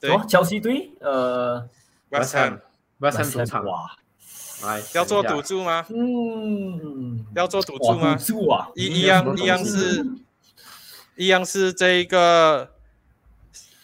對，走私隊，West Ham，West Ham 主場，哇，要做賭注嗎？嗯，要做賭注嗎？嗯注啊、一一樣一樣是，嗯、一樣是這個。